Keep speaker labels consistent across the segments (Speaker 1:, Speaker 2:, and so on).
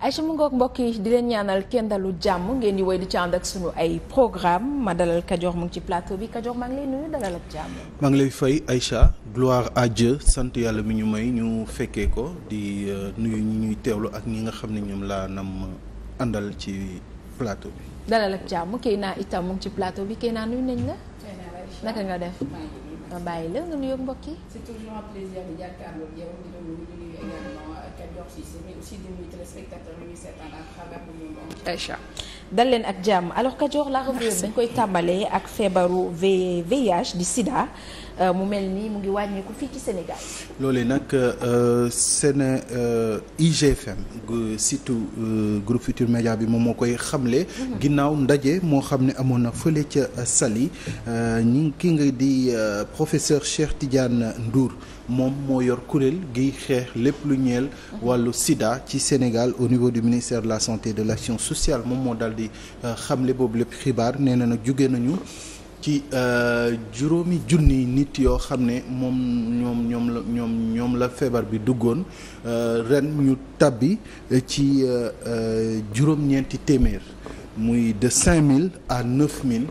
Speaker 1: Aïcha mu ngoog mbokk yi di leen ñaanal kenn dalu jàmm ngeen di woy di ci ànd ak sunu ay programme ma dalal Kajoor mu ngi ci plateau bi Kajoor ma ngi lay nuyu dalal ak jàmm.
Speaker 2: maa ngi lay fay Aïcha gloire à Dieu sant yàlla mi ñu may ñu fekkee ko di euh, nuyu ñi ñuy teewlu ak ñi nga xam ne ñoom laa nam àndal ci
Speaker 1: plateau bi. dalal ak jàmm kii naa itam mu ngi ci plateau bi kii naa nuyu nañ la. naka nga def. ma bàyyi la nga nuyoog mbokk yi. Dior Cissé leen ak jàmm alors Kajoor la revue dañ koy tàmbalee ak feebaru VIH di Sida. Euh, mu mel nii mu ngi wàññeeku fii ci Sénégal.
Speaker 2: loolee nag euh, seen euh, IGFM surtout groupe Futur Média bi moom moo koy xamle. Mhm. ginnaaw ndaje moo xam ne amoon na fële ca Saly ñi ki nga di professeur Cheikh Tidiane nduur moom moo yor kuréel giy xeex lépp lu ñeel mhm. wàllu sida ci Sénégal au niveau du ministère de la santé de l'action sociale moom moo daal di xamle boobu lépp xibaar nee na nag jóge nañu ci euh, juróomi junni nit yoo xam ne moom ñoom ñoom la ñoom ñoom la feebar bi duggoon euh, ren ñu tabbi ci euh, juróom-ñeenti téeméer muy de cinq mille à neuf mille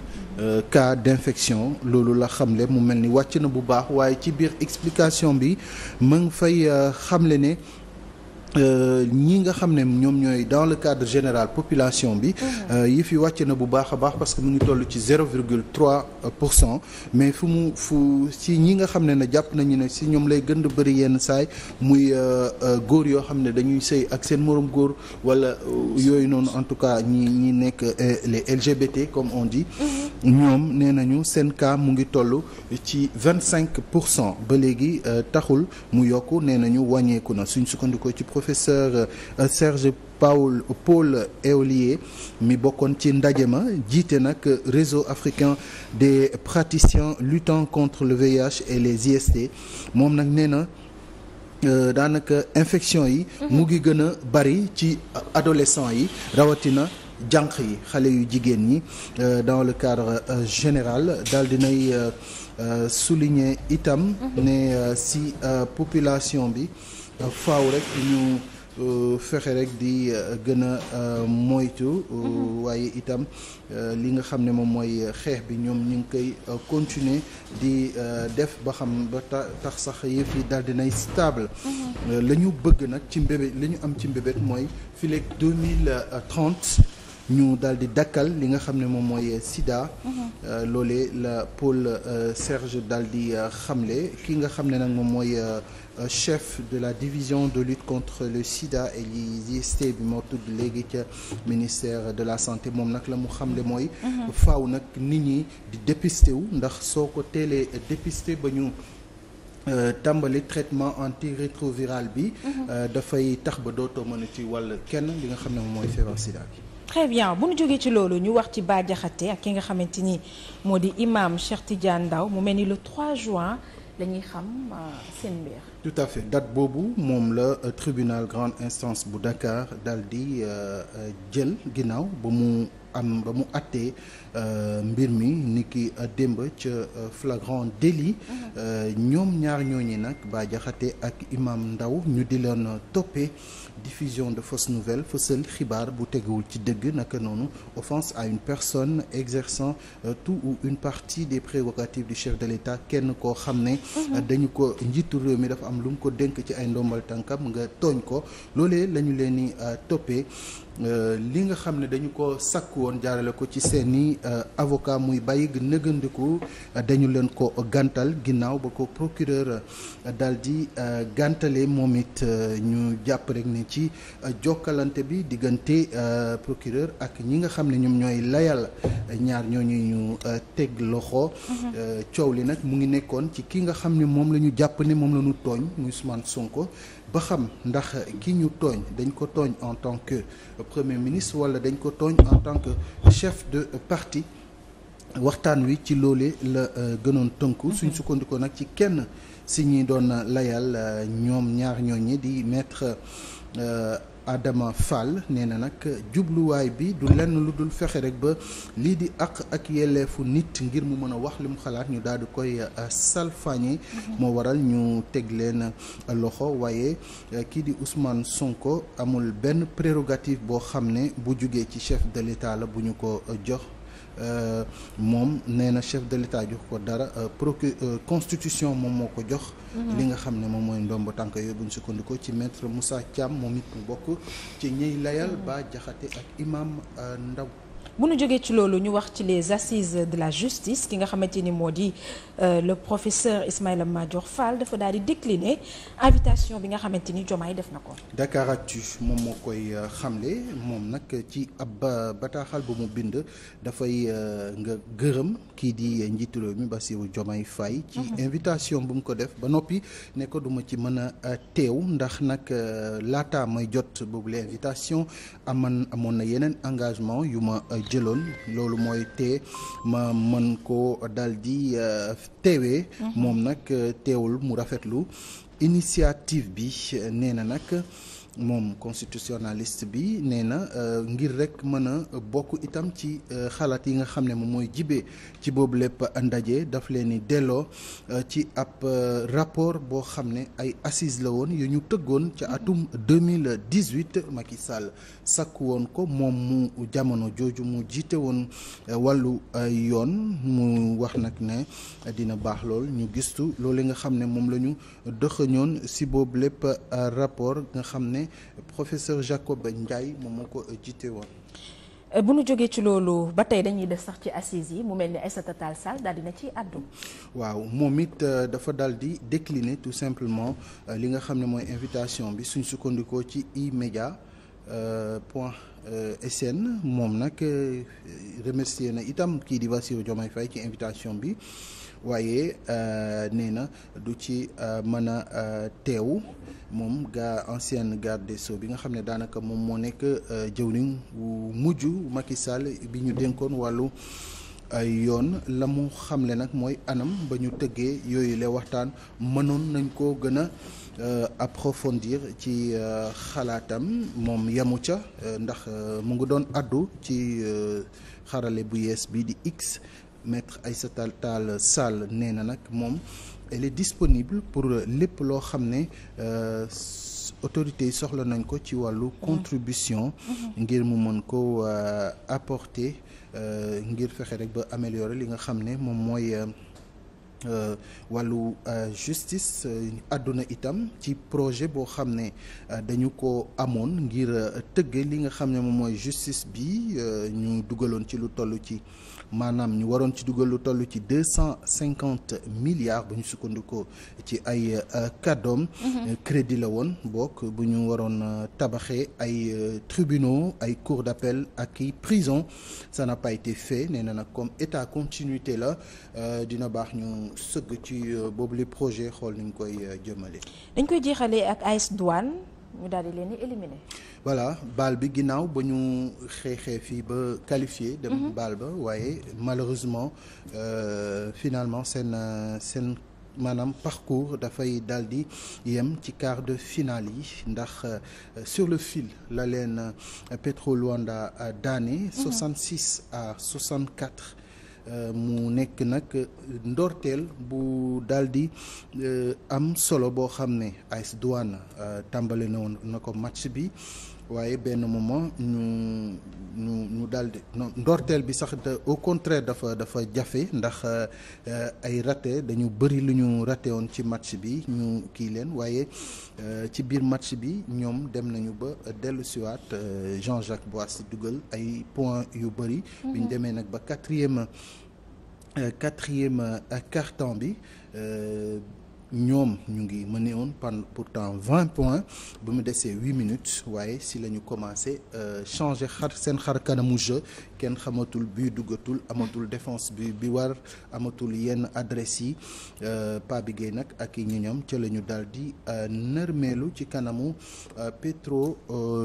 Speaker 2: cas d'infection loolu la xamle mu mel ni wàcc na bu baax waaye ci biir explication bi ma ngi fay xamle ne Euh, ñi nga xam ne ñoom ñooy dans le cadre général population bi mhm. euh, yi fi wàcc na bu baax a baax parce que mu ngi toll ci zéro virgule pour cent mais fu mu fu si ñi nga xam ne ne jàpp nañu ne si ñoom lay gën a bëri yenn saay muy euh, góor yoo xam ne dañuy sëy ak seen morom góor wala yooyu noonu en tout cas ñi ñi nekk les LGBT comme on dit mhm. ñoom nee nañu seen cas mu ngi toll ci vingt cinq pour cent ba léegi taxul mu yokk nee nañu wàññeeku na suñ sukkandikoo ci professeur euh, Serge Paul Paul Éolier mi bokkoon ci ndaje ma jiite nag réseau africain des praticiens luttant contre le VIH et les IST moom nag nee na Euh, daanaka infection yi mhm. mu ngi gën a bari ci adolescent yi rawatina jànq yi xale yu jigéen ñi euh, dans le cadre euh, général daal dinay euh, euh, souligner itam mhm. ne si population bi faaw rek ñu euh, fexe rek di euh, gën a euh, moytu. Mhm. waaye itam li nga xam ne moom mooy xeex bi ñoom ñu ngi koy continuer di def ba xam ba tax sax yëf yi daal nay stable. Mhm. la ñu bëgg nag ci mbébét li ñu am ci mbébét mooy fileeg ñu daal di dakkal li nga xam ne moom mooy Sida. Mhm. loole la Paul Serge daal di xamle ki nga xam ne nag moom mooy. Euh, chef de la division de lutte contre le sida et l'IST bi moo tudd léegi ca ministère de la santé moom nag la mu ne mooy mhm. faw nag nit ñi di dépister wu ndax soo ko teelee dépister ba ñu Euh, tàmbali traitement antirétroviral bi. Mhm. Euh, dafay tax ba dootoo mën a ci wàll kenn li nga xam ne moom mooy feebar sida bi.
Speaker 1: très bien bu ñu jógee ci loolu ñu wax ci baa jaxate ak ki nga xamante ni moo di imaam Cheikh Tidiane Ndao mu mel ni le juin la ñuy xam euh, seen mbir.
Speaker 2: tout à fait date boobu moom la euh, tribunal grande instance bu Dakar dal di euh, jël ginnaaw ba mu. am ba mu attee euh, mbir mi ni ki euh, démb ca euh, flagrant délit ñoom ñaar ñooñi nag Bah Diakhaté ak Imam ndaw ñu di leen toppee diffusion de fausse nouvelle fësal xibaar bu teguwul ci dëgg naka noonu offense à une personne exerçant tout ou une partie des prérogatives du chef de l'État kenn koo xam ne mhm. dañu ko njiitu réew mi dafa am lu mu ko dénk ci ay ndombal tànkam nga tooñ ko loole lañu leen di toppee Euh, li nga xam ne dañu ko sakk woon jaarale ko ci seeni euh, avocat muy bàyyi nëgëndiku euh, dañu leen ko gantal ginnaaw ba ko procureur daal di gàntale moom it ñu jàpp rek ne ci jokkalante bi diggante procureur ak ñi nga xam ne ñoom ñooy layal ñaar ñooñu ñu teg loxo mhm. coow li nag mu ngi nekkoon ci ki nga xam ne moom la ñu jàpp ne moom la ñu tooñ muy Ousmane Sonko ba xam ndax ki ñu tooñ dañ ko tooñ en tant que premier ministre wala dañ ko tooñ en tant que chef de parti waxtaan wi ci loole la euh, gënoon tënku mm-hmm. suñ sukkandikoo nag ci kenn si ñi doon layal euh, ñoom ñaar ñooñi di maître euh, Adama Fall nee na nag jubluwaay bi du lenn lu dul fexe rekk ba lii di àq ak yelleefu nit ngir mu mën a wax li xalaat ñu daal di koy euh, salfaañe mhm. moo waral ñu teg leen euh, loxo waaye euh, kii di Ousmane Sonko amul benn prérogative boo xam ne bu jugee ci chef de l'État la bu ñu ko jox Euh, moom nee na chef de l'état jox ko dara euh, procu euh, constitution moom moo ko jox. Mhm. li nga xam ne moom mooy ndomb tànk yooyu bu ñu sukkandikoo ci maître Moussa Thiam moom it mu bokk ci ñiy layal mhm. ba jaxate ak imam
Speaker 1: Ndaw. bu nu jógee ci loolu ñu wax ci les assises de la justice ki nga xamante ni moo di euh, le professeur Ismaïla Madior Fall dafa daal di décliner invitation bi nga xamante ni Diomaye def na ko.
Speaker 2: Dakaractu moom moo koy euh, xamle moom nag ci ab euh, bataaxal bu mu bind dafay nga gërëm kii di njiitu réew mi Bassirou Diomaye Faye. ci mhm. invitation bu mu ko def ba noppi ne ko duma ci mën a teew ndax nag laata may jot boobu l'invitation aman amoon na yeneen engagement yu ma jëloon loolu mooy tee ma man ko daldi di euh, teewee mhm. moom nag euh, teewul mu rafetlu initiative bi nee na nag moom constitutionnaliste bi nee na euh, ngir rek mën a bokk itam ci euh, xalaat yi nga xam ne moom mooy jibee ci boobu lépp ndaje daf leen ni delloo euh, ci ab rapport boo xam ne ay assises la woon yu ñu tëggoon ca atum mag i Sall sàkk woon ko moom mu jamono jooju mu jiite woon wàllu yoon mu wax nag ne dina baax lool ñu gistu loolu nga xam ne moom la ñu dëxëñoon si boobu lépp rapport nga xam ne professeur Jacob njaay moom moo ko jiite woon.
Speaker 1: Euh, bu nu jógee ci loolu ba tey dañuy def sax ci assises yi mu mel ni Aïssata Tall Sall daal dina ci àddu
Speaker 2: waaw moom it euh, dafa dal di décliner tout simplement euh, li nga xam ne mooy invitation bi suñ sukkandikoo ci eMedia point sn moom nag remercier na itam kii di Bassirou Diomaye Faye ci invitation bi. waaye euh, nee na du ci euh, mën a euh, teew moom gaa ancienne garde des bi nga xam ne daanaka moom moo nekk jëwriñ wu mujj Macky Sall bi ñu dénkoon wàllu yoon la mu xamle nag mooy anam ba ñu tëggee yooyu la waxtaan mënoon nañ ko gën a approfondir ci xalaatam moom yamu ca ndax mu ngi doon àddu ci xarale bu yees bi di X maître Aïssata Tall Sall nee na nag moom elle est disponible pour lépp loo xam ne euh, autorités yi soxla nañ ko ci wàllu mhm. contribution mhm. ngir mu mën ko euh, apporter euh, ngir fexe rek ba améliorer li nga xam ne moom mooy Euh, wàllu euh, justice àdduna itam ci projet boo xam ne dañu ko amoon ngir tëgge li nga xam ne moom mooy justice bi ñu dugaloon ci lu toll ci maanaam ñu waroon ci dugal lu toll ci deux cent cinquante milliards bu ñu sukkandikoo ci ay euh, kàddoom. Mhm. crédit la woon bokk bu ñu waroon euh, tabaxee ay euh, tribunaux ay cours d'appel ak i prison ça n'a fait nee na nag comme état continuité la dina baax ñu sëgg ci boobu li projet xool nañ koy jëmale.
Speaker 1: dañ koy jeexalee ak AS Douane ñu daal leen di éliminer.
Speaker 2: voilà baal bi ginnaaw ba ñu xeexee fii ba qualifié dem mhm. baal ba waaye malheureusement euh, finalement seen seen maanaam parcours dafay daal di yem ci quart de finale yi ndax euh, sur le fil la leen euh, Petro Luanda euh, daane 66 mhm. à 64 Euh, mu nekk nag euh, ndorteel bu daal di euh, am solo boo xam ne AS Douane tàmbale na woon na ko match bi waaye benn moment ñu ñu daldi daal ndorteel bi sax au contraire dafa dafa jafe ndax ay raté dañu bëri lu ñu raté woon ci match bi ñu kii leen waaye ci biir match bi ñoom dem nañu ba dellu siwaat Jean-Jacques Boissy dugal ay points yu bëri. Mm-hmm. bi demee nag ba quatrième. Euh, quatrième euh, carton bi euh, ñoom ñu ngi mené woon pendant pourtant vingt points ba mu desee huit minutes waaye si lañu ñu commencé changer xar seen xar kanamu jeu kenn xamatul buy duggatul amatul défense bi bi war amatul yenn adresse yi euh, pa bi nag ak i ñu ñoom ca la ñu daal di euh, nërmeelu ci kanamu euh, Petro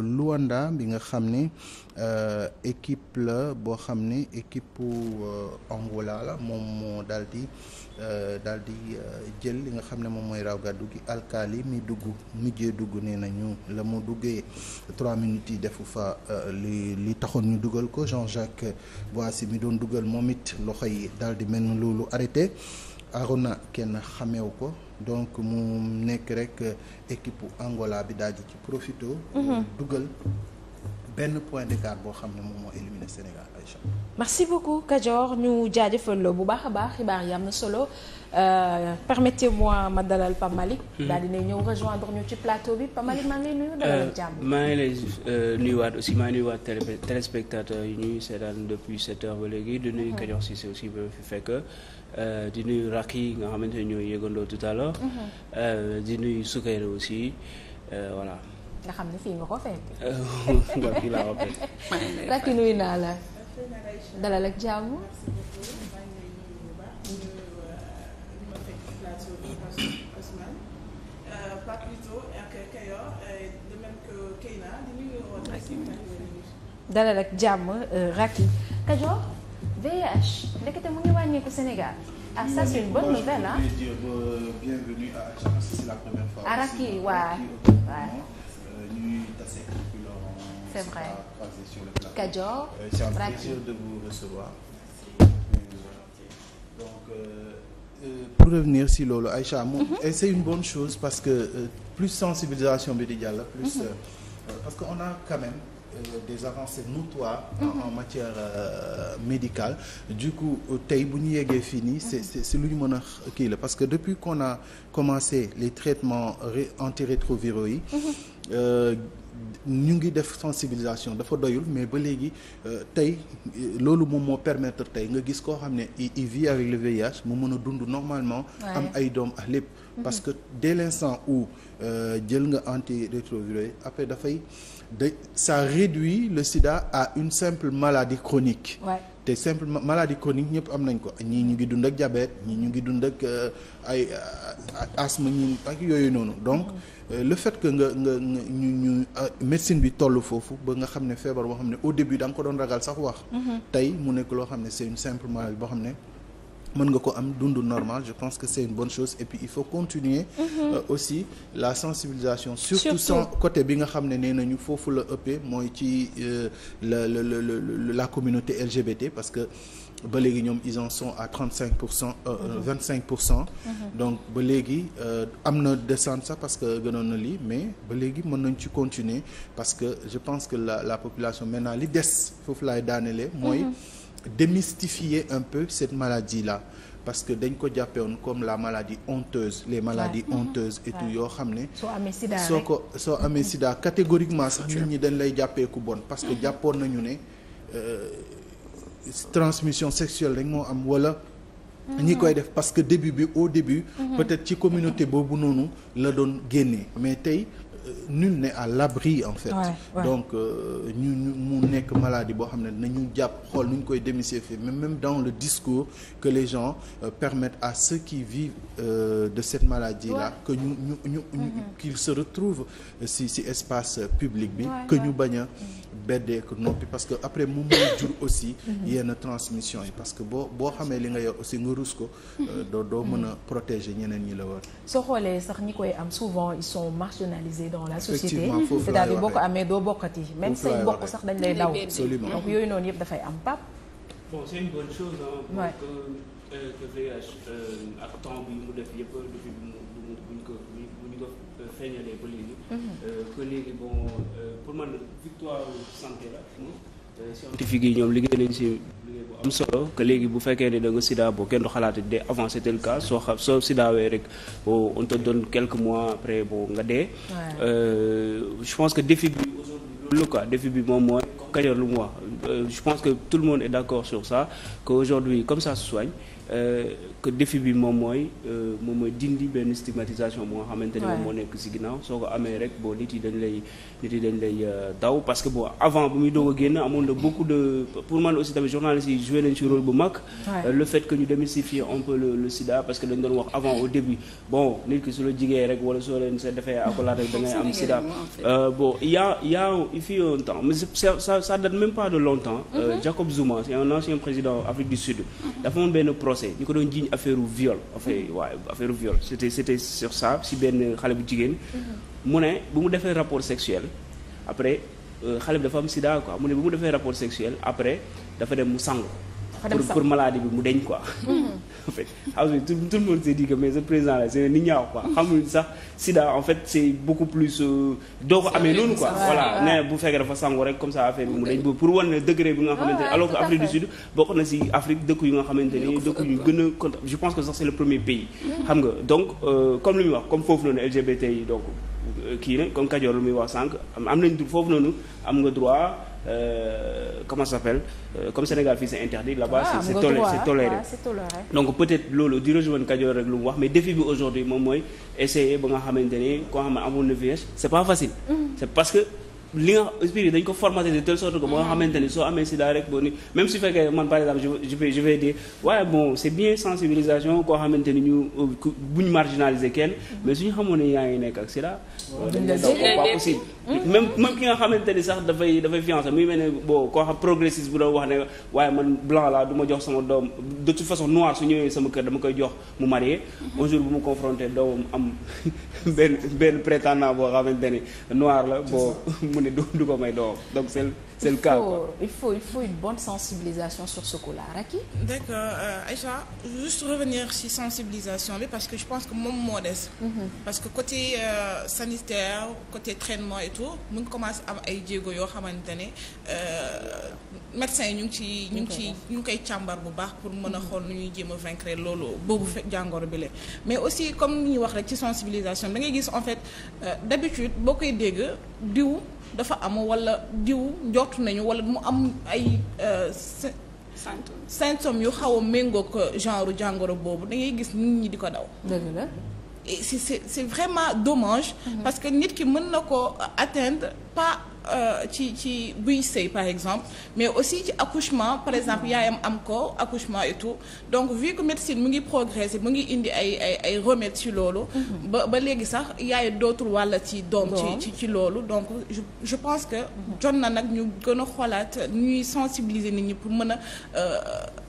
Speaker 2: luwanda bi nga xam ne équipe la boo xam ne équipe Angola la moom moo daal di daal jël li nga xam ne moom mooy raw gàddu gi alkaali mi dugg mujjee dugg nee nañu la mu duggee trois minutes yi defu fa li li taxoon dugal ko Jean-Jacques Jacques Boissy mi doon dugal moom it loxo yi daal di mel ni loolu arrêté Arona kenn xameew ko donc mu nekk rek équipe Angola bi daal di ci profito mhm. dugal benn point d'écart boo xam ne moom moo éliminé Sénégal. incha allah
Speaker 1: merci beaucoup Kajoor ñu jaajëfal la bu baax a baax xibaar yi am na solo euh, permettez-moi ma dalal Pape Malick. Hmm. daal di ñëw rejoindre ñu ci plateau bi Pape Malick maa ngi lay nuyu dalal euh, jàmm.
Speaker 3: maa ngi lay euh, nuyuwaat aussi maa ngi nuyuwaat télé téléspectateurs yi ñuy seetaan depuis sept heures ba léegi. di nuyu hmm. Kajoor Cissé aussi ba fi fekk. di nuyu rakk yi nga xamante ne ñooy yëgandoo tout à l'heure hmm. di nuyu Soukayra aussi voilà.
Speaker 1: nga xam ne fii nga ko fekk.
Speaker 3: nga fii laa
Speaker 1: naa la. dalal ak jàmm. dalal ak jàmm euh, Racky Kajoor VIH ndekete mu ngi wàññeeku Sénégal ah ça c'est une bonne nouvelle ah.
Speaker 2: bienvenue à ah,
Speaker 1: Racky euh, waaw c'est vrai Kajoor. Euh, c'est de vous
Speaker 2: donc euh, euh, pour revenir si loolu Aïcha moom. Mhm. et c'est une bonne chose parce que plus sensibilisation bi di jàll. plus mhm. parce que on a quand des avancées notoires mhm. matière euh, médicale du coup tey bu ñu yeggee fii nii c'est c'est c'est lu ñu mën a kii parce que depuis qu'on a commencé les traitements antirétroviraux yi ñu ngi def sensibilisation dafa doyul mais ba léegi euh, tey loolu moom moo permettre tey nga gis koo xam ne i vit avec le mu mën a dund normalement am ay doom ak lépp mm-hmm. parce que dès l'instant où euh, jël nga antirétroviral après dafay da ça réduit le sida à une simple maladie chronique ouais. te simplement maladie chronique ñëpp am nañ ko ñii ñu ngi dund ak diabète ñii ñu ngi dund ak euh, ay euh, asthme ñi ak yooyu noonu donc euh, le fait que nga nga ñu ñu médecine bi toll foofu ba nga xam ne feebar boo xam ne au début da nga ko doon ragal sax wax mm-hmm. tey mu nekk loo xam ne c'est une simple maladie boo xam ne mën nga ko am dund normal je pense que c'est une bonne chose et puis il faut continuer mhm. euh, aussi la sensibilisation surtout sans côté bi nga xam ne nee nañu foofu la ëppee mooy ci euh, la la la la communauté LGBT parce que ba léegi ñoom ils en sont à trente cinq pour cent euh, mhm. vingt cinq pour cent mhm. donc ba léegi am na descente sax parce que gënoon na lii mais ba léegi mën nañ ci continuer parce que je pense que la la population maintenant li des foofu laay daanelee mooy démystifier un peu cette maladie la parce que dañ ko jàppee woon comme la maladie honteuse les maladies ouais. honteuses et ouais. yoo xam ne soo ko soo amee sida catégoriquement sax nit ñi dañ lay jàppeeku ku bon parce que jàppoon nañu ne euh, transmission sexuelle rek moo am wala ñi mm-hmm. koy def parce que début bi au début mm-hmm. peut-être ci communauté boobu noonu la doon génnee mais tey nul n'est à l'abri en fait donc euh, ñu mu nekk maladie boo xam ne nañu jàpp xool nu ñu koy fii mais même dans le discours que les gens euh, à ceux qui vivent euh, de cette maladie là ouais. que ñu ñu ñu mm-hmm. qu'ils se retrouvent euh, si si espace public bi que ñu bañ a mm-hmm. beddeeku noppi parce que après mu mooy jur aussi mm-hmm. yenn transmission yi parce que boo boo xamee li nga yor aussi nga rus ko euh, doo doo mën a protéger ñeneen ñi la war
Speaker 1: soo xoolee sax ñi koy am souvent ils sont marginalisés dans la société c'est-à-dire boo ko amee doo bokkati même say bokk sax dañ lay daw donc yooyu noonu yëpp dafay am pap
Speaker 3: bon c'est une bonne chose hein, pour que euh, que euh, ak temps bi mu def yëpp du bu ko bu ñu ko euh, feeñalee ba léegi mhm. que léegi bon pour man victoire santé la scientifique yi ñoom liggéey nañ si am solo que léegi bu fekkee ne da nga boo kenn du xalaat de avancer tel cas soo xam soo sidaawee rek bo on te donne mois après boo nga dee euh, je pense que défi bi aujourd'hui loolu quoi défi moom mooy kañor lu mu wax euh, je pense que tout le monde est d'accord sur ça que aujourd'hui comme ça se soigne Euh, que défi bi moom mooy euh, moom mooy dindi benn stigmatisation bu nga xamante ne moom moo nekk si ginnaaw soo ko amee rek boo nit yi dañ lay nit yi dañ lay euh, daw parce que bon avant bu muy doog a génn amoon la beaucoup de pour man aussi tamit journalistes yi joué nañ si rôle bu mag le fait que ñu démystifier un peu le, sida parce que dañu doon wax avant au début bon nit ki su la jigee rek wala soo leen sa defee akolaat rek da am sida bon il y a il y a il fut un temps mais ça ça, ça date de longtemps euh, mm-hmm. Jacob Zuma c'est procès ñu ko doon jiiñ affaire u viol affaire waaw affaire c'était c'était sur ça si benn xale bu jigéen mm-hmm. mu ne bu mu defee rapport sexuel après euh, xale bi dafa am sida quoi mu ne bu mu defee rapport sexuel après dafa dem mu sangu pour pour bi mu deñ quoi mm-hmm. en fait xam nga tout tout le monde s'est euh, ko amee noonu quoi voilà bu fekkee dafa sangu comme ça affaire bi pour wan ah, nga xamante ne alors que Afrique du Sud na si Afrique ne dëkk yu gën a cont je pense que sax euh, wax comme foofu noonu LGBT yi donc euh, kii ne comme Kajoor lu muy wax sànq am nañ du foofu noonu am nga droit Euh, comment ça s'appelle euh, comme Sénégal fii c'est interdit là-bas ah, c'est toléré donc peut-être loolu di rejoindre Kajoor rek lu mu wax mais défi bi aujourd'hui moom mooy essayer ba nga xamante ni koo xam ne amul na VIH c'est pas facile mm-hmm. c'est parce que li nga esprit dañ ko formaté de telle sorte que ba nga mm-hmm. xamante ni soo amee sida rek boo ni même su fekkee man par exemple je vais je vais dire waaye bon c'est bien sensibilisation koo xamante ni ñu euh, buñ marginaliser kenn mm-hmm. mais suñu xamoon ne yaa ngi nekk ak sida dañ Mm-hmm. même même ki nga xamante ni sax dafay dafay fiancé muy mel ne boo koo xam progressiste bu doon wax ne waaye man blanc la du ma jox sama doom de toute façon noir su ñëwee sama kër dama koy jox mu marié mm-hmm. un jour bu mu confronté doomam am benn benn prétendant boo xamante ni noir la boo mu ne du du ko may doomam donc c'est c'est le cas
Speaker 1: il faut il faut une bonne sensibilisation sur ce coup-là Racky. d'accord euh,
Speaker 4: Aïcha juste revenir ci sensibilisation bi parce que je pense que moom moo des. Mhm. parce que côté euh, sanitaire côté trainement et mu ngi commencé am ay jéego yoo xamante ne euh, médecins yi ñu ngi ci ñu ngi ci ñu ngi koy càmbar bu baax pour mën a mhm. xool nu ñuy jéem a vaincre loolu boobu fekk jàngoro bi la mais aussi comme ñu wax rek ci sensibilisation da ngay gis en fait d'habitude boo koy dégg diw. dafa am wala diw njort nañu wala mu am ay euh, symptômes yu xaw a méngoog genre jàngoro boobu da ngay gis nit ñi di ko daw dëgg la c'est c'est vraiment dommage mhm. parce que nit ki mën na ko atteindre pas Euh, ci ci buy sëy par exemple mais aussi ci accouchement par exemple yaayam am ko accouchement et tout donc vu que médecine mu ngi progresser mu ngi indi ay ay ay remèdes ci loolu mhm. ba ba léegi sax yaay dootul wàlla ci doom ci ci loolu donc je je pense que mhm. jot na nag ñu gën a xoolaat ñuy sensibiliser nit ñi pour mën a euh,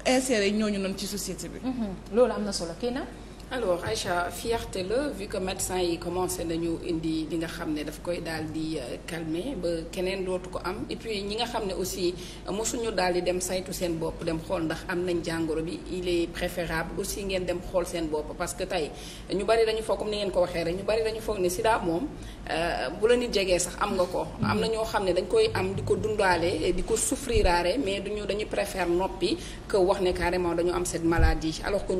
Speaker 4: insérer ñooñu noonu ci société bi mhm. loolu am na solo kii
Speaker 1: na alors Aïcha fierté la vu que médecin yi commencé nañu indi li nga xam ne daf koy daal di euh, calmer ba keneen dootu ko am et puis ñi nga xam ne aussi euh, mosuñu daal di dem saytu seen bopp dem xool ndax am nañ jàngoro bi il est préférable aussi ngeen dem xool seen bopp parce que tey ñu bari dañu foog ni ngeen ko waxee rek ñu bari dañu foog moom euh, bu la nit jegee sax am nga ko. Mm-hmm. am na ñoo xam ne dañ koy am di ko dundaale di ko souffriraare mais duñu dañu préfère noppi que wax ne carrément dañu am cette maladie alors que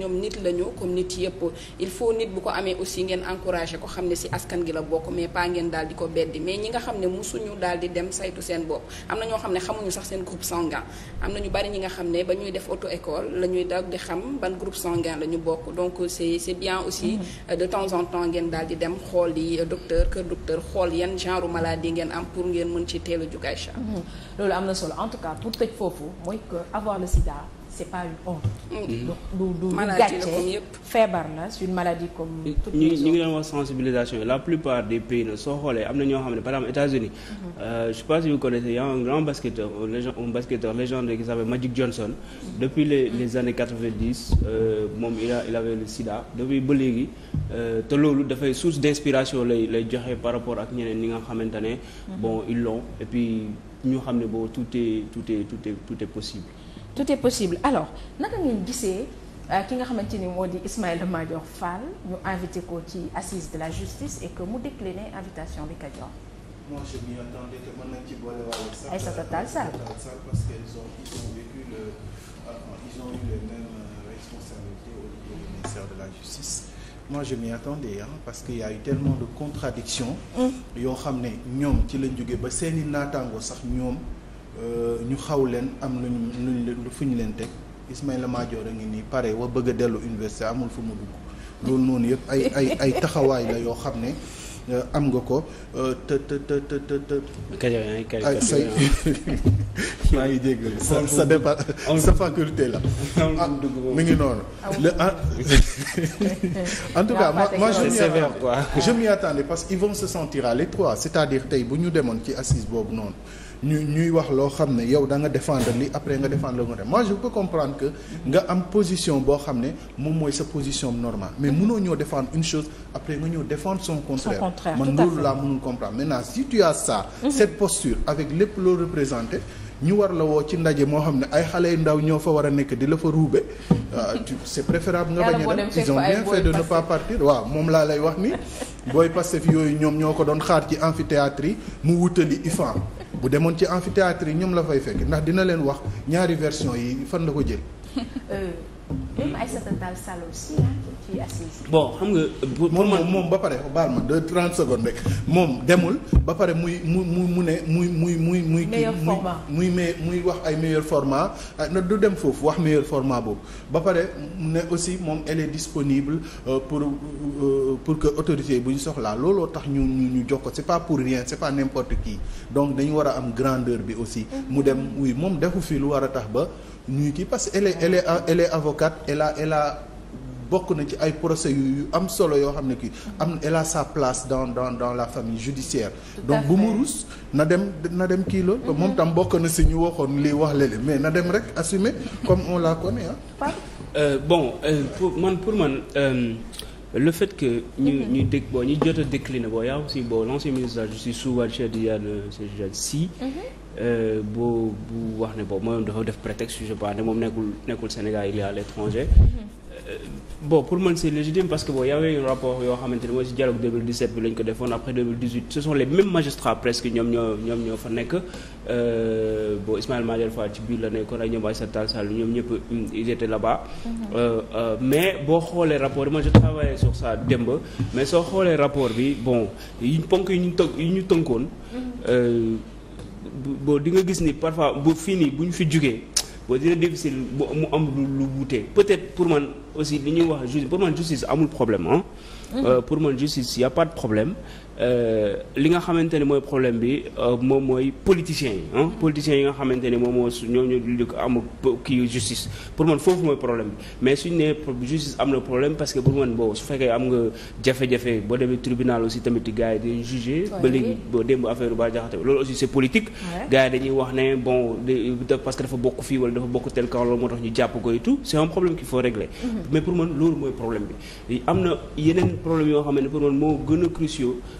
Speaker 1: il faut nit bu ko amee aussi ngeen encouragé ko xam ne si askan gi la bokk mais pas ngeen daal di ko beddi mais ñi nga xam ne musuñu daal di dem saytu seen bopp am na ñoo xam ne xamuñu sax seen groupe sanguin am na ñu bari ñi nga xam ne ba ñuy def auto école la ñuy daal di xam ban groupe sanguin la ñu bokk donc c'est c'est bien aussi mm-hmm. de temps en temps ngeen daal di dem xool yi euh, docteur kër docteur xool yan genre maladie ngeen am pour ngeen mën ci teel a jug mm-hmm. loolu am na solo en tout cas pour tëj foofu mooy que avoir le sida c'est pas une honte. du du gàcce feebar la c'est une maladie comme. toutes les autres ñu
Speaker 3: ngi doon wax sensibilisation la plupart des pays nag soo xoolee am na ñoo xam ne par am États-Unis mhm. euh, je sais pas si vous connaissez y a un grand basketteur un basketteur légendaire qui s'appelle Magic Johnson. depuis les les années quatre vingt euh, moom il a il avait le sida depuis ba léegi euh, te loolu dafay source d'inspiration lay lay joxe par rapport ak ñeneen ñi nga xamante ne. Mhm. bon ils l'ont et puis ñu xam ne boo tout est tout est tout
Speaker 1: tout est possible alors naka ngeen gisee euh, ki nga xamante ni moo di Ismaïla Madior fal ñu invité ko ci assise de la justice et que mu décliné invitation bi ka jox.
Speaker 2: moi je mën nañ ci boole waaye sax. Euh, Aïssata Tall Sall parce que ils ont vécu le euh, ils ont au niveau ministère de la justice. moi je m'y parce que y a eu tellement de contradictions mm. yoo xam ne ñoom ci lañ jógee ba seeni naataangoo sax ñoom. Euh, ñu xaw leen am luñ luñ leen lu fu ñu leen teg Ismaïla Madior a ngi nii pare wa bëgg a dellu université amul fu mu dugg loolu noonu yëpp ay ay ay taxawaay la yoo xam ne euh, am nga ko euh, te te te
Speaker 3: te te te. say maa ngi jéggal sa sa départ sa faculté la. Ah, mi ngi noonu. Ah.
Speaker 2: en tout cas moi je m'y attendais parce qu'ils vont se sentir à l'étroit c'est-à-dire tey bu ñu demoon ci assise boobu noonu. ñu ñuy wax loo xam ne yow da nga défendre li après nga défendre le contraire moi je peux comprendre que nga am position boo xam ne moom mooy sa position normal mais munoo ñoo défendre une chose après nga ñëw défendre son contraire man loolu laa mënul comprendre maintenant si tu as ça mhm. cette posture avec lépp loo représenté ñu war la woo ci ndaje moo xam ne ay xale yu ndaw ñoo fa war a nekk di la fa ruube ah, c'est préférable nga bañ a dem ils ont bien fait laa lay wax ni booy Pastef yooyu ñoom ñoo ko doon xaar ci amphithéâtre yi mu wutali ifan bu demoon ci amphithéâtre yi ñoom la fay fekk ndax dina leen wax ñaari version yi fan la ko jël
Speaker 1: même Aïssata Tall
Speaker 2: bon xam nga pour moom moom ba pare baal ma de 30 secondes rek moom demul ba pare muy mu mu mu ne muy muy muy. muy kii muy muy muy wax ay meilleur format ah, na du dem foofu wax meilleur format boobu ba pare ne aussi moom elle disponible euh, pour euh, pour que autorité bu ñu soxlaa looloo tax ñu ñu jox ko c'est pas pour rien c'est pas n'importe qui donc dañu war a am grandeur bi aussi. Mm-hmm. mu dem oui moom defu fi lu war a tax ba. ñuy kii parce que elle est elle est elle est avocate elle bokk na ci ay procès yu am solo yoo xam ne kii am elle a sa place dans dans dans la famille judiciaire donc bu mu rus na dem na dem kii loolu moom tam bokk na si ñu waxoon lii wax léeg mais na dem rek assumé comme on la connaît ah
Speaker 3: bon euh, pour man pour man euh, le fait que ñu mhm. ñu dég boo ñu jot a décliné boo yaa aussi boo l'ancien ministre de la justice Souad Cheikh Tidiane Sy boo bu wax ne boobu moom dafa def prétexte je sais pas ne moom nekkul nekkul Sénégal il est à l'étranger mhm. Euh, bon pour man c'est légitime parce que bon y avait un rapport yoo xamante ne mooy si dialogue 2017 bi lañ ko defoon après 2018 ce sont les mêmes magistrats presque ñoom ñoo ñoom ñoo fa nekk euh, bon Ismaël Madior Fall ci biir la nekkoon ak ñoom Aïssata Tall Sall ñoom ñëpp mm, ils étaient là-bas. Mhm. Euh, mais boo xoolee rapport bi man je travaillais sur ça démb mais soo xoolee rapport bi bon yi ponk yi ñu tënk yi ñu tënkoon. Mhm. bon di nga gis ni parfois bu fii nii bu ñu fi jugee. boo dina difficile bu mu am lu wutee peut-être pour man aussi li ñuy wax justice pour man justice amul problème ah. pour man justice y' a pas de problème. Euh, li nga xamante ne mooy problème bi euh, moom mooy politiciens yi ah politiciens yi nga xamante ne moom moo su ñooñu lu am kii justice pour man foofu mooy problème bi mais suñu nee justice am na problème parce que pour man boo su fekkee am nga jafe boo demee tribunal aussi tamit gars yi dañuy jugé. ba léegi boo démb affaire ba jaxate loolu wax ne bon parce que dafa bokk fii wala dafa bokk tel camp loolu moo tax ñu jàpp ko et tout c'est un problème qu'il faut régler. Mm-hmm. mais pour man loolu mooy problème bi am na yeneen problème yoo xam ne pour man moo gën a cruciaux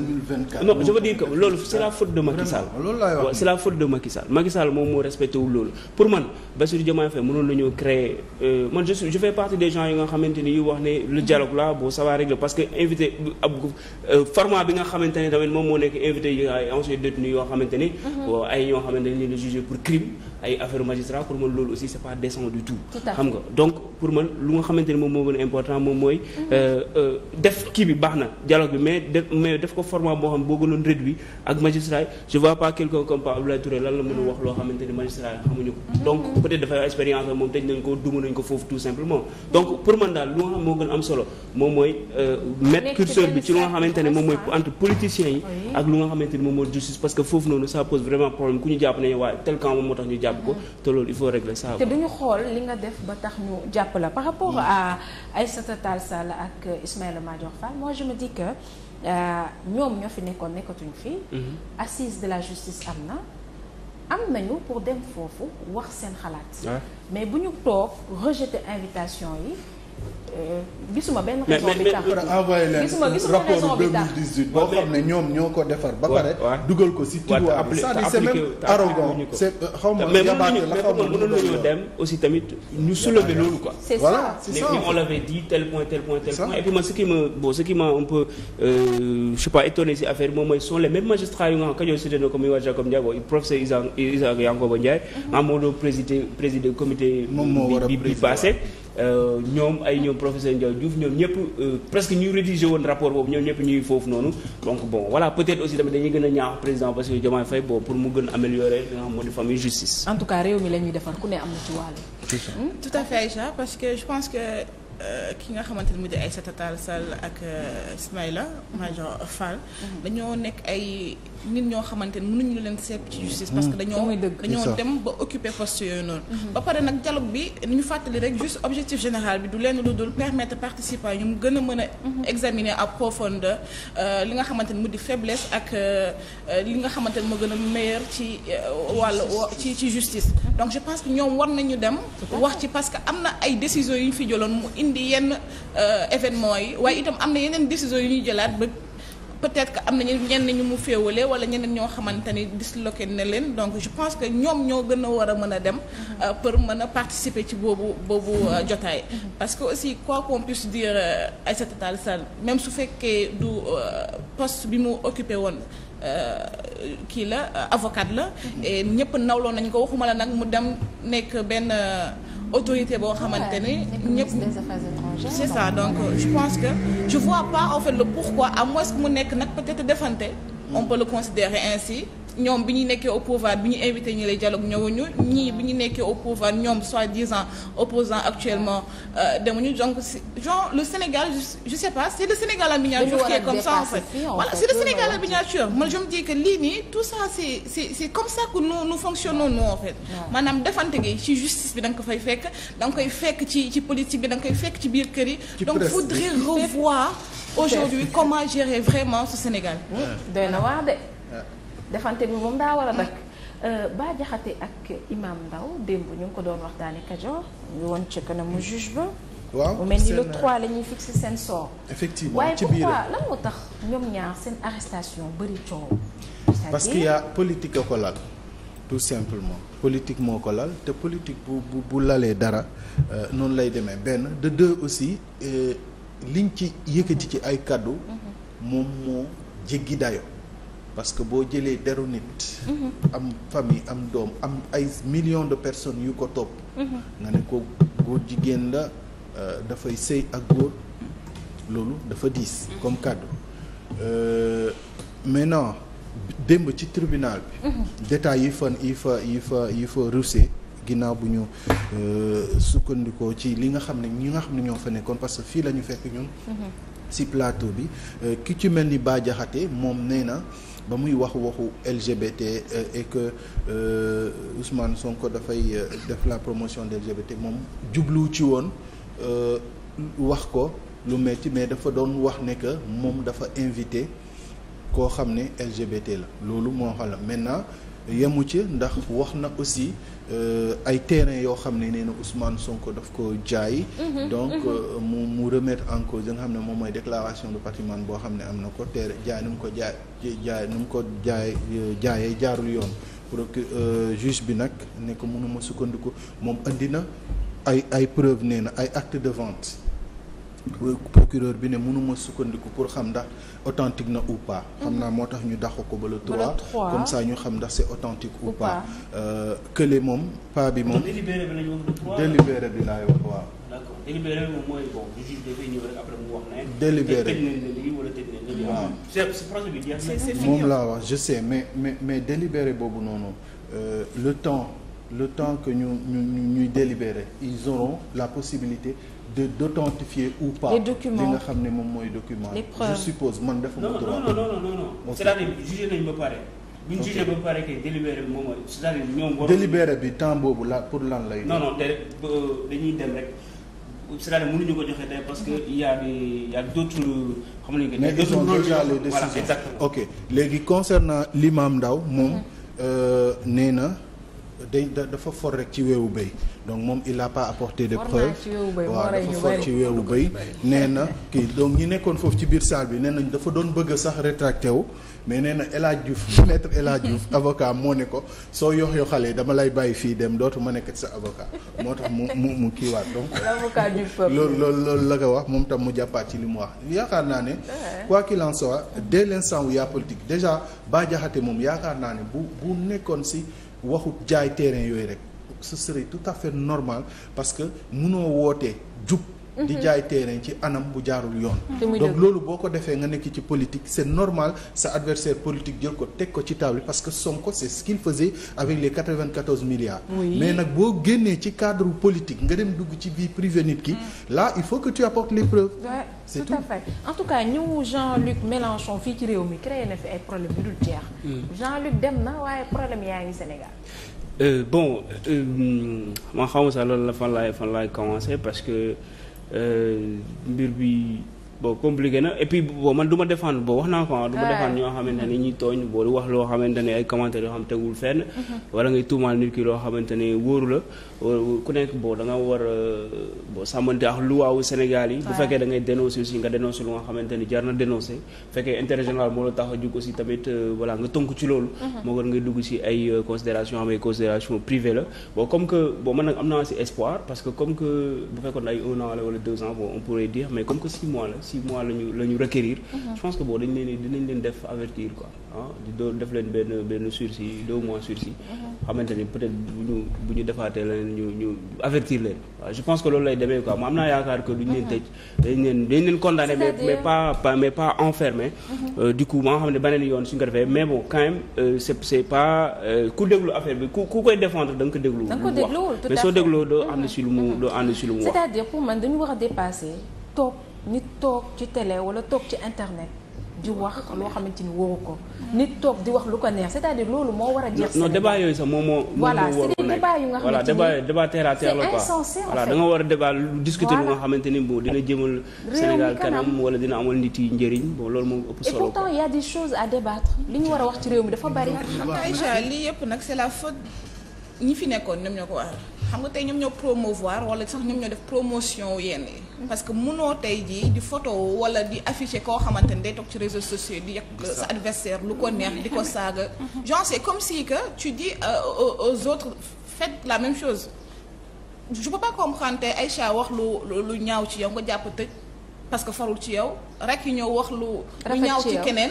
Speaker 3: 2024. non je veux dire que loolu c'est la faute de Macky Sall. moom moo respecté loolu. pour man Bassirou Diomaye Faye mënoon nañoo créer euh, man je suis partie des gens yi nga xamante yu wax ne le dialogue là bon ça va parce que invité euh, format bi nga xamante tamit moom moo nekk invité yoo mhm. ay affaire magistrat pour man loolu aussi c'est pas décent du tout. xam nga donc pour man lu nga xamante moom moo gën a important moom mooy. Euh, def kii bi baax na dialogue bi mais format boo xam boo gënoon réduit ak magistrat yi je vois pas quelqu'un comme lan la mën a wax loo xamante ni magistrat yi xamuñu ko mm-hmm. donc pour man daal lu nga xam moo gën am solo moom mooy euh, mettre curseur bi ci lu nga xamante ne moom mooy entre politiciens yi ak lu nga xamante ni moom mooy justice parce que foofu noonu ça pose vraiment problème ku ñu jàpp ne waaye tel camp moom moo tax ñu jàpp ko te loolu il faut régler ça te duñu
Speaker 1: ñu jàpp Euh, ñoom ñoo fi nekkoon nekkatuñu fii mhm. assise de la justice am na. am nañu pour dem foofu wax seen xalaat. mais bu ñu toog rejeter invitation yi. gisuma benn raison bi tax gisuma gisuma rapport 2018
Speaker 2: boo xam ne ñoom ñoo ko defar ba pare dugal ko
Speaker 3: si tiroir bi c'est même arrogant c'est euh, xaw ma yabaate la xaw ma mënoon nañoo dem aussi tamit ñu soulever loolu quoi c'est ça mais on l'avait dit tel point tel point tel point et puis man ce qui me bon ce qui m'a un peu euh, je sais pas étonné si affaire moom mooy sont les mêmes magistrats yu nga xam kañoo cité na ko muy waa Jacob Ndiago professeur Isaac Yankoba Ndiaye ah moo doon présider présider comité bi bi passé Euh, ñoom ay ñoom professeur Ndiaye Diouf ñoom ñëpp euh, presque ñu rédigé woon rapport boobu ñoom ñëpp ñuy foofu noonu donc bon voilà peut-être aussi tamit dañuy gën a ñaax président parce que Diomaye Faye boobu pour mu gën améliorer li xam moo di famille justice.
Speaker 1: en réew mi la defar ku ne am na ci wàll.
Speaker 3: Hmm?
Speaker 4: tout à fait Aïcha parce que je pense que euh, ki nga xamante ne mu di Aïssata Tall Sall ak Ismaïla hmm. Madior Fall hmm. dañoo nekk ay. nit ñoo xamante ne mënuñu leen seet ci justice. parce que mm. dañoo dañoo dem ba occuper poste yooyu noonu. Mm-hmm. ba pare nag dialogue bi ni ñu fàttali rek juste objectif général bi du leen lu dul permettre participants mu gën a mën a. Mm-hmm. examiner à profondeur euh, li nga xamante ne mu di faiblesse ak euh, li nga xamante ne moo gën a meilleur ci euh, wàllu ci ci justice. donc je pense que ñoom war nañu dem. wax ci parce que am na ay décisions yu ñu fi joloon mu indi yenn événements yi waaye itam am na yeneen décisions yu ñuy jëlaat ba. peut-être que am na ñenn ñu mu féewale wala ñeneen ñoo xamante ni disloqué na leen donc je pense que ñoom ñoo gën a war a mën a dem. Mm-hmm. Euh, pour mën a participer ci boobu boobu euh, mm-hmm. jotaay. Mm-hmm. parce que aussi quoi qu'on puisse dire euh, Aïssata Tall Sall même su fekkee du post bi mu occupé woon. kii la avocat la. et ñëpp nawloo nañ ko waxuma la nag mu dem nekk benn. autorité boo xamante ne ñëpp c'est ça donc je pense que je vois pas en fait le pourquoi à moins que mu nekk nag peut-être defante on peut le considérer ainsi ñoom bi ñu nekkee au bi ñu invité ñu lay dialogue ñëwuñu ñii bi ñu nekkee au pouvoir ñoom soi-disant opposants actuellement euh, demuñu donc genre le Sénégal je Sénégal en miniature le Sénégal en miniature man je me dis que lii nii tout ça c'est c'est c'est comme ça que maanaam defante gi ci justice bi da ko fay fekk da nga koy fekk ci ci politique bi da nga koy fekk ci biir kër yi donc faudrait revoir
Speaker 1: aujourd'hui comment gérer vraiment su Sénégal na waar de defante bi moom daa war a dakk euh, Bah Diakhaté ak Imam Ndao démb ñu ngi ko doon waxtaanee Kajoor ñu woon ci kanamu juge ba.
Speaker 2: waaw mu mel ni le 3
Speaker 1: la ñuy seen sort.
Speaker 2: effectivement ci biir waaye
Speaker 1: moo tax ñaar seen arrestation bëri parce que
Speaker 2: politique a ko lal tout politique moo ko lal te politique bu bu bu lalee dara euh, noonu lay demee benn de deux aussi euh, liñ ci yëkkati ci ay kaddu mhm. moom moo jéggi dayo parce que boo jëlee deru nit mhm. am famille am doom am ay millions de personnes yu ko topp mhm. nga ne ko góor jigéen la euh, dafay sëy ak góor loolu dafa diis comme kàddu euh, maintenant démb ci tribunal bi mhm. détails yi fa yi fa yi fa yi fa rusé ginnaaw bu ñu euh, sukkandikoo ci li nga xam ne ñi nga xam ne ñoo fa nekkoon parce que fii la ñu fekk ñun ci plateau bi ki ci mel ni Bah Diakhaté moom nee na ba muy wax waxu LGBT euh, et que euh, Ousmane Sonko dafay euh, def la promotion de LGBT moom jubluw ci woon wax ko lu metti mais dafa doon wax ne que moom dafa invité koo xam ne LGBT la loolu moo xam la maintenant yemu ci ndax wax na aussi Euh, ay terrain yoo xam ne nee na Ousmane Sonko daf ko jaay. Mhm, donc mhm. Euh, mu mu remettre en cause li nga xam ne moom mooy déclaration de patrimoine boo xam ne am na ko terrain jaay nu mu ko jaay jaaye nu mu ko jaay euh, jaayee jaarul yoon pour que juge bi nag ne ko mënuma sukkandiku moom indi na ay ay preuve nee na ay acte de vente. procureur bi ne mënuma sukkandiku pour xam ndax authentique na ou pas xam naa moo tax ñu dàq ko ba le 3 comme ça ñu xam ndax c'est authentique ou pas euh, kële moom pas bi moom
Speaker 3: délibéré bi lañu wax waaw moom laa wax
Speaker 2: je sais mais mais mais délibéré boobu noonu euh, le temps le temps que ñu ñu ñuy délibéré ils auront la possibilité de d'authentifier ou pas. les li nga xam ne moom mooy document. les preuves je suppose man defuma droit. non non non
Speaker 3: non non c'est-à-dire jugé nañu ba pare. bu ñu jugee ba pare que délibéré bi moom mooy c'est-à-dire ñoom. waroon délibéré
Speaker 2: bi temps boobu la pour lan lay. non non
Speaker 3: dañuy dem rek. c'est-à-dire mënuñu ko joxe tey parce que il y a des il y a d'autres xam nañu que. mais ils ont
Speaker 2: ok léegi concernant l'imam ndaw moom mm-hmm. euh, nee na. day dafa for rek ci weewu béy donc moom il a pas apporté de preuve waaw dafa for ci weewu béy nee na kii donc ñi nekkoon foofu ci biir saal bi nee nañ dafa doon bëgg sax rétracté wu mais nee na El Hadj Diouf maître El avocat moo ne ko soo yox yoo xale dama lay bàyyi fii dem dootuma nekk sa avocat moo tax mu mu mu kiiwaat donc loolu loolu loolu la ko wax moom tam mu jàppaat ci li mu wax yaakaar naa ne quoi qu'il en soit dès l'instant où y a politique déjà Bah moom yaakaar naa ne bu bu nekkoon si waxut jaay terrain yooyu rek ce serait tout à fait normal parce que munoo wootee jub di mhm. jaay terrain ci anam bu jaarul yoon mm-hmm. donc loolu boo ko defee nga nekk ci politique c'est normal sa adversaire politique jël ko teg ko ci table parce que Sonko c'est ce qu'il faisait avec les 94 milliards mais nag boo génnee ci cadre politique nga dem dugg ci vie privée nit ki mm. là il faut que tu apportes les preuves
Speaker 1: tout à fait en tout cas ñëw Jean-Luc Mélenchon fii ci réew mi créé na fi ay problème yu dul jeex mm. Jean-Luc dem na waaye
Speaker 3: Euh, mbir bi boo compliqué na et puis bon man du ma défendre boo wax naa ko ah, du ma défendre ñoo xamante ne tooñ boo di wax loo xamante ne ay commentaires yoo xam tegul mhm. xamante ne wóoru la ku nekk boo da nga war boo sàmmante ak luwaawu Sénégal yi bu fekkee da ngay dénoncer aussi nga dénoncer lu nga xamante ni jar na dénoncer fekkee intérêt général moo la tax a jug aussi tamit euh, voilà nga tënk ci loolu mhm. moo gën ngay dugg ci ay euh, considération am ay considération privée la bon comme que bon man que comme que bu fekkoon ay un an six mois la ñu la ñu requérir mhm. je pense que bon dañ leen dinañ leen def avertir quoi ah, doo def leen benn benn sursis deux mois sursis mhm. xamante ni peut-être bu ñu bu ñu defaatee leen ñu ñu avertir leen waaw je pense que loolu lay demee quoi ma am naa yaakaar que duñu leen mhm. tëj dañ leen dañ leen condamné mais mais pas mais pas enfermé euh, du coup ma xam ne beneen yoon suñ ko defee mais bon quand même euh, c'est c'est pas euh, ku déglu affaire bi ku ku koy défendre da nga ko déglu lu wax mais soo dégloo doo ànd si lu
Speaker 1: mu wax nit toog ci télé wala toog ci internet di wax loo xamante ni woo ko. nit toog di wax lu ko neex c'est-à-dire loolu moo war a jeex. non débat
Speaker 3: yooyu sax moom moo. moo warul nekk voilà débat débat terre la quoi. war a débat discuter lu nga xamante ni bon dina jëmal. Sénégal kanam wala dina amal nit yi njëriñ bon loolu moom ëpp solo. et pourtant
Speaker 1: il y a des à débattre li ñu war a wax ci réew mi dafa bari.
Speaker 3: Aïcha
Speaker 4: lii yëpp nag c'est la ñi fi nekkoon ñoom ñoo ko waral. xam nga tey ñoom ñoo promouvoir wala sax ñoom ñoo def promotion yenn yi. parce que munoo tey jii di photo wala di afficher koo xamante ni day toog ci réseaux sociaux di yàq sa adversaire lu ko neex di ko saaga. Mhm. genre c'est comme si que tu dis euh, aux autres la même chose je peux pas comprendre tey Aïcha wax lu lu ñaaw ci yow nga jàpp tëj. parce que farul ci yow rek yu ñëw wax lu. lu ñaaw ci keneen.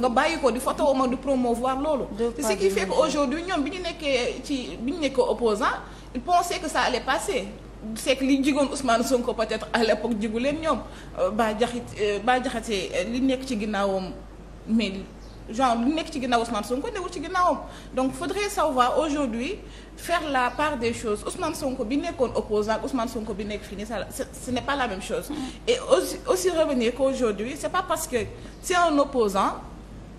Speaker 4: nga bàyyi ko di photo ma di promouvoir loolu. ce qui fait aujourd'hui ñoom bi ñu nekkee ci bi ñu nekkee opposant ils pensaient que ça allait passer. c'est li jigoon Ousmane Sonko peut-être à l'époque jigu leen ñoom ba jaxit ba jaxate li nekk ci ginnaawam mais. genre lu nekk ci ginnaaw Ousmane Sonko newul ci ginnaawam donc faudrait savoir aujourd'hui faire la part des choses Ousmane Sonko bi nekkoon opposant ak Ousmane Sonko bi nekk fii nii ça ce n'est pas la même chose mm-hmm. et aussi aussi revenir qu'aujourd'hui c'est pas parce que c'est un opposant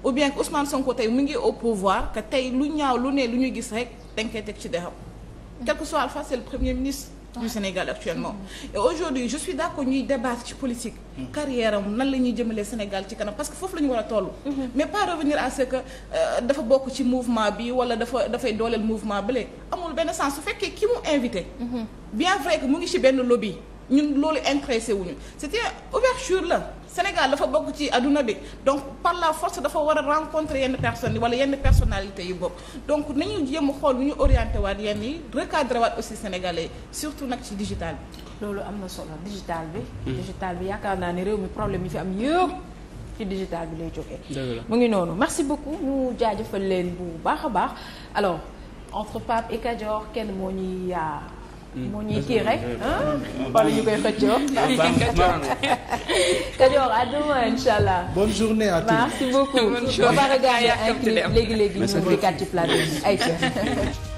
Speaker 4: ou bien que Ousmane Sonko tey mu ngi au pouvoir que tey lu ñaaw lu ne lu ñu gis rek dañ koy teg ci dexam mm-hmm. quel que soit Alpha c'est le premier ministre du Sénégal actuellement et aujourd'hui je suis ñuy débattre ci politique carrière nan lañuy ñuy Sénégal ci kanam parce que foofu la ñu war a toll mhm. mais pas revenir à que euh, dafa bokk ci mouvement bi wala dafa dafay dooleel mouvement bële amul benn sens su fekkee ki mu invité mhm. bien vrai que mu ngi ci benn lobby ñun loolu intéressé wuñu c'était ouverture la Sénégal dafa bokk ci àdduna bi donc par la force dafa war a rencontrer yenn personnes yi wala yenn personnalités yi bokk donc nañu jéem xool nu ñu orienté waat yenn yi recadré waat aussi sénégalais
Speaker 1: surtout nag ci digital bi. loolu am na solo digital bi. Hmm. digital bi yaakaar naa ne réew mi problème yi fi am yëpp ci digital bi lay jógee. mu ngi noonu merci beaucoup ñu jaajëfal leen bu baax a baax alors entre Pape kenn moo ñuy ah, moo mm. ñuy kii rek mm. wala ñu koy xëccoo. Ah, Kajoor à demain incha allah.
Speaker 2: bonne journée à tous merci beaucoup. bonne journée ba pare gars yi léegi léegi ñu ngi
Speaker 1: ci plateau bi ay